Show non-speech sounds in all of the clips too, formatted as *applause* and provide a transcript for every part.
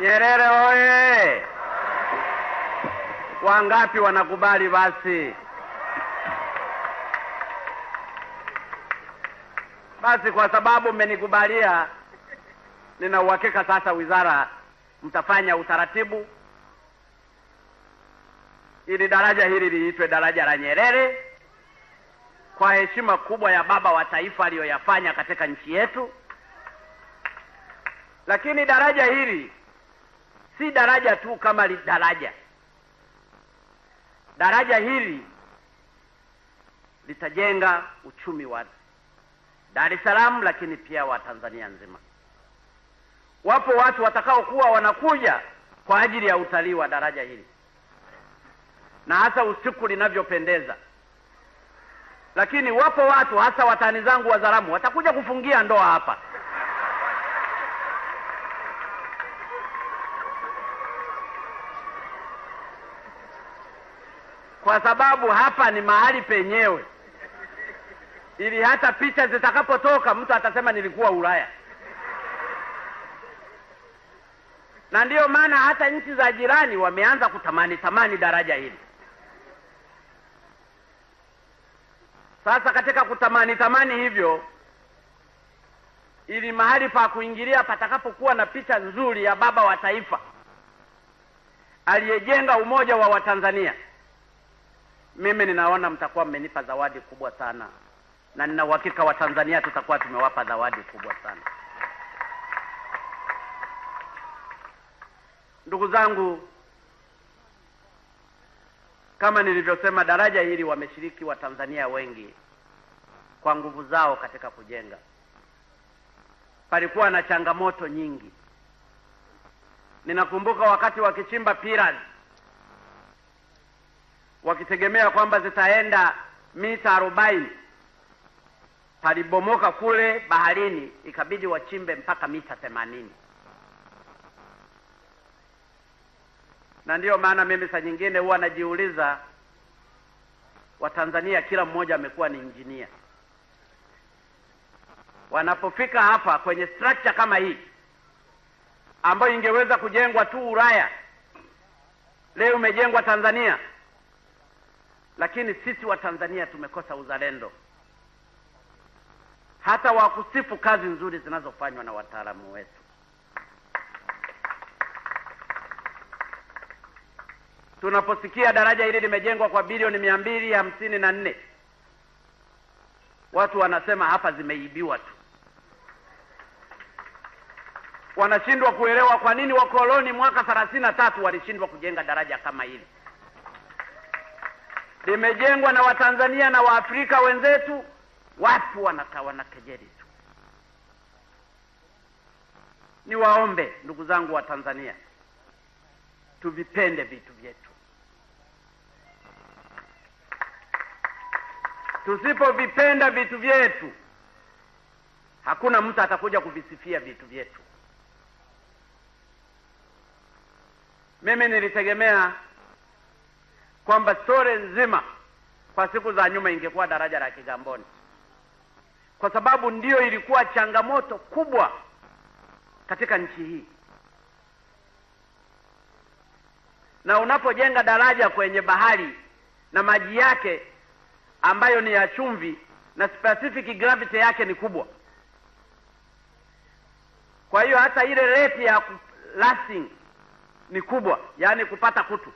Nyerere oye! Wangapi wanakubali? Basi basi, kwa sababu mmenikubalia, nina uhakika sasa wizara mtafanya utaratibu ili daraja hili liitwe daraja la Nyerere kwa heshima kubwa ya baba wa taifa aliyoyafanya katika nchi yetu. Lakini daraja hili si daraja tu kama li daraja. Daraja hili litajenga uchumi wa Dar es Salaam, lakini pia wa Tanzania nzima. Wapo watu watakaokuwa wanakuja kwa ajili ya utalii wa daraja hili, na hasa usiku linavyopendeza. Lakini wapo watu hasa watani zangu Wazaramu watakuja kufungia ndoa hapa. kwa sababu hapa ni mahali penyewe, ili hata picha zitakapotoka mtu atasema nilikuwa Ulaya. Na ndiyo maana hata nchi za jirani wameanza kutamani tamani daraja hili. Sasa katika kutamani tamani hivyo, ili mahali pa kuingilia patakapokuwa na picha nzuri ya baba wa taifa aliyejenga umoja wa Watanzania mimi ninaona mtakuwa mmenipa zawadi kubwa sana, na nina uhakika Watanzania tutakuwa tumewapa zawadi kubwa sana. Ndugu zangu, kama nilivyosema, daraja hili wameshiriki Watanzania wengi kwa nguvu zao katika kujenga. Palikuwa na changamoto nyingi. Ninakumbuka wakati wakichimba pillars wakitegemea kwamba zitaenda mita arobaini. Palibomoka kule baharini, ikabidi wachimbe mpaka mita themanini. Na ndiyo maana mimi saa nyingine huwa najiuliza, Watanzania kila mmoja amekuwa ni injinia, wanapofika hapa kwenye structure kama hii ambayo ingeweza kujengwa tu Ulaya, leo imejengwa Tanzania lakini sisi Watanzania tumekosa uzalendo hata wa kusifu kazi nzuri zinazofanywa na wataalamu wetu. Tunaposikia daraja hili limejengwa kwa bilioni mia mbili hamsini na nne watu wanasema hapa zimeibiwa tu, wanashindwa kuelewa kwa nini wakoloni mwaka thelathini na tatu walishindwa kujenga daraja kama hili limejengwa na Watanzania na Waafrika wenzetu, watu wanatawana kejeli tu. Niwaombe ndugu zangu wa Tanzania, tuvipende vitu vyetu. Tusipovipenda vitu vyetu, hakuna mtu atakuja kuvisifia vitu vyetu. Mimi nilitegemea kwamba Sore nzima kwa siku za nyuma ingekuwa daraja la Kigamboni, kwa sababu ndiyo ilikuwa changamoto kubwa katika nchi hii. Na unapojenga daraja kwenye bahari na maji yake ambayo ni ya chumvi na specific gravity yake ni kubwa, kwa hiyo hata ile rate ya lasting ni kubwa, yaani kupata kutu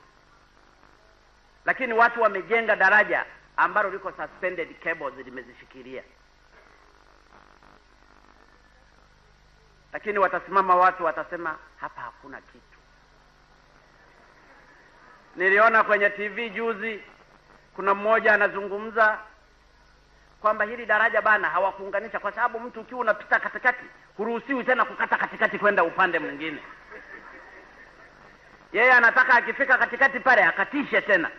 lakini watu wamejenga daraja ambalo liko suspended cables limezishikilia, lakini watasimama watu watasema hapa hakuna kitu. Niliona kwenye TV juzi, kuna mmoja anazungumza kwamba hili daraja bana hawakuunganisha kwa sababu mtu ukiwa unapita katikati huruhusiwi tena kukata katikati kwenda upande mwingine. Yeye anataka akifika katikati pale akatishe tena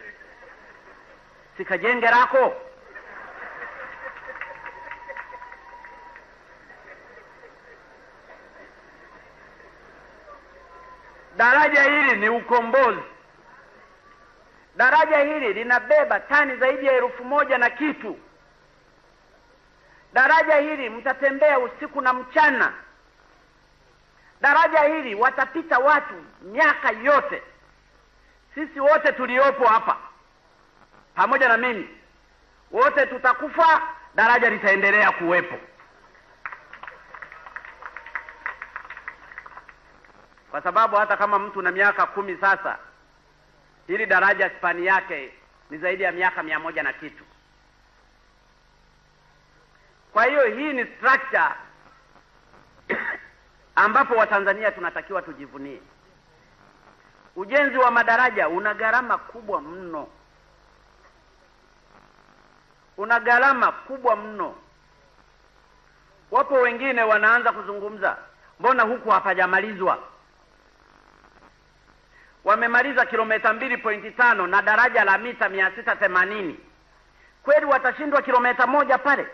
sikajenge rako Daraja hili ni ukombozi. Daraja hili linabeba tani zaidi ya elfu moja na kitu. Daraja hili mtatembea usiku na mchana. Daraja hili watapita watu miaka yote. Sisi wote tuliopo hapa pamoja na mimi, wote tutakufa, daraja litaendelea kuwepo. Kwa sababu hata kama mtu na miaka kumi sasa, hili daraja spani yake ni zaidi ya miaka mia moja na kitu. Kwa hiyo hii ni structure *coughs* ambapo Watanzania tunatakiwa tujivunie. Ujenzi wa madaraja una gharama kubwa mno una gharama kubwa mno. Wapo wengine wanaanza kuzungumza, mbona huku hapajamalizwa? Wamemaliza kilomita mbili pointi tano na daraja la mita mia sita themanini. Kweli watashindwa kilomita moja pale?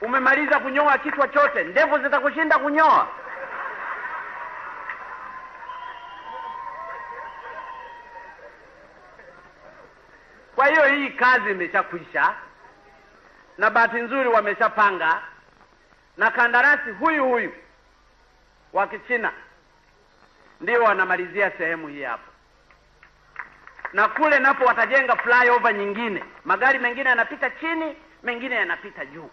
Umemaliza kunyoa kichwa chote, ndevu zitakushinda kunyoa? hii kazi imeshakwisha, na bahati nzuri wameshapanga na kandarasi huyu huyu wa Kichina ndio wanamalizia sehemu hii hapo, na kule napo watajenga flyover nyingine. Magari mengine yanapita chini, mengine yanapita juu.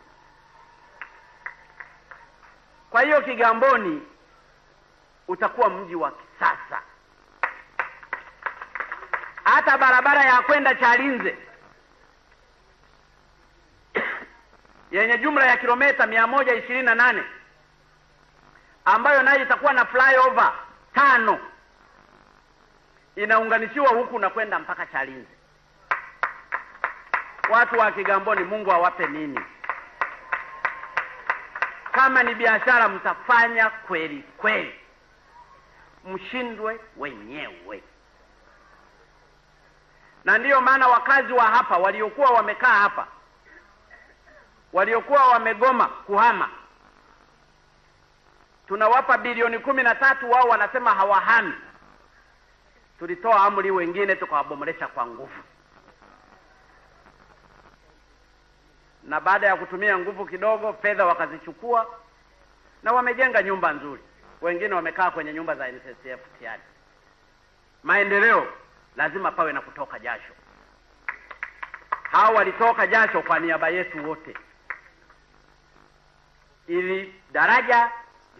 Kwa hiyo Kigamboni utakuwa mji wa kisasa. Hata barabara ya kwenda Chalinze yenye jumla ya kilometa mia moja ishirini na nane ambayo nayo itakuwa na flyover tano inaunganishiwa huku na kwenda mpaka Chalinze. Watu wa Kigamboni, Mungu awape wa nini? Kama ni biashara mtafanya kweli kweli, mshindwe wenyewe. Na ndiyo maana wakazi wa hapa waliokuwa wamekaa hapa waliokuwa wamegoma kuhama tunawapa bilioni kumi na tatu, wao wanasema hawahami. Tulitoa amri wengine tukawabomolesha kwa nguvu, na baada ya kutumia nguvu kidogo, fedha wakazichukua na wamejenga nyumba nzuri. Wengine wamekaa kwenye nyumba za NSSF tiari Maendeleo lazima pawe na kutoka jasho. Hao walitoka jasho kwa niaba yetu wote ili daraja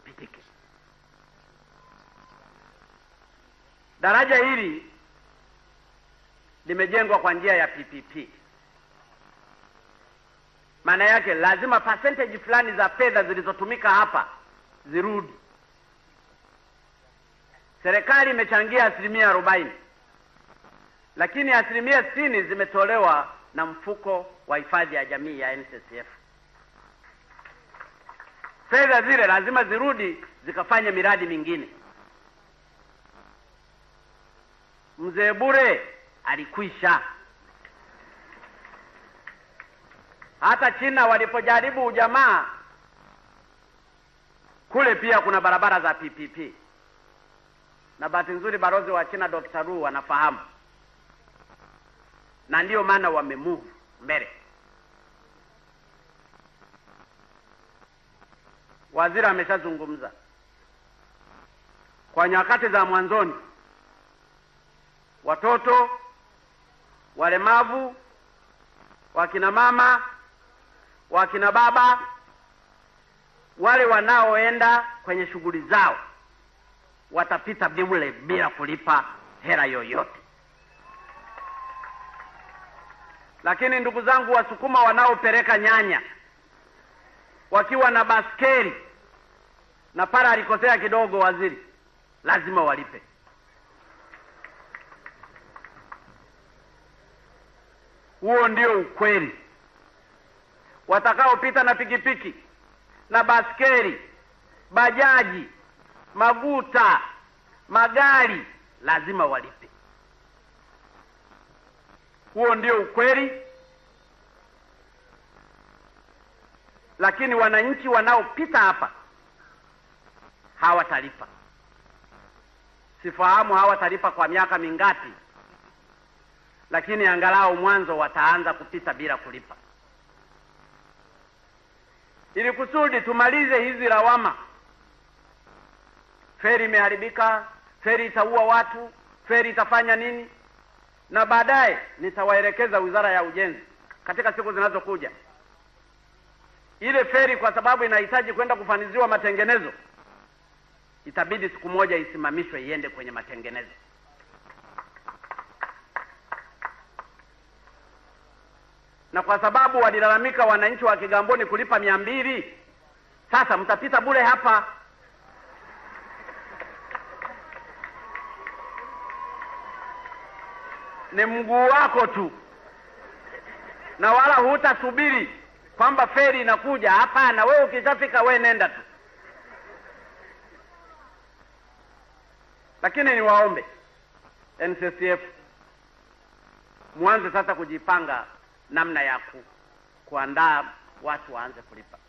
lipitike. Daraja hili limejengwa kwa njia ya PPP. Maana yake lazima percentage fulani za fedha zilizotumika hapa zirudi. Serikali imechangia asilimia arobaini, lakini asilimia sitini zimetolewa na mfuko wa hifadhi ya jamii ya NSSF fedha zile lazima zirudi zikafanya miradi mingine. Mzee Bure alikwisha. Hata China walipojaribu ujamaa kule, pia kuna barabara za PPP, na bahati nzuri balozi wa China Dr. Ru anafahamu, na ndiyo maana wamemove mbele. waziri ameshazungumza. Kwa nyakati za mwanzoni, watoto, walemavu, wakina mama, wakina baba, wale wanaoenda kwenye shughuli zao watapita bure bila kulipa hela yoyote. Lakini ndugu zangu, Wasukuma wanaopeleka nyanya wakiwa na baskeli na para alikosea kidogo, waziri, lazima walipe. Huo ndio ukweli. Watakaopita na pikipiki na baskeli, bajaji, maguta, magari lazima walipe. Huo ndio ukweli. lakini wananchi wanaopita hapa hawatalipa. Sifahamu hawatalipa kwa miaka mingapi, lakini angalau mwanzo wataanza kupita bila kulipa, ili kusudi tumalize hizi lawama. Feri imeharibika, feri itaua watu, feri itafanya nini? Na baadaye nitawaelekeza Wizara ya Ujenzi katika siku zinazokuja. Ile feri kwa sababu inahitaji kwenda kufaniziwa matengenezo, itabidi siku moja isimamishwe iende kwenye matengenezo. Na kwa sababu walilalamika wananchi wa Kigamboni kulipa mia mbili, sasa mtapita bule hapa. Ni mguu wako tu, na wala hutasubiri kwamba feri inakuja. Hapana, wewe ukishafika, we nenda tu. Lakini niwaombe NCCF mwanze sasa kujipanga namna ya kuandaa watu waanze kulipa.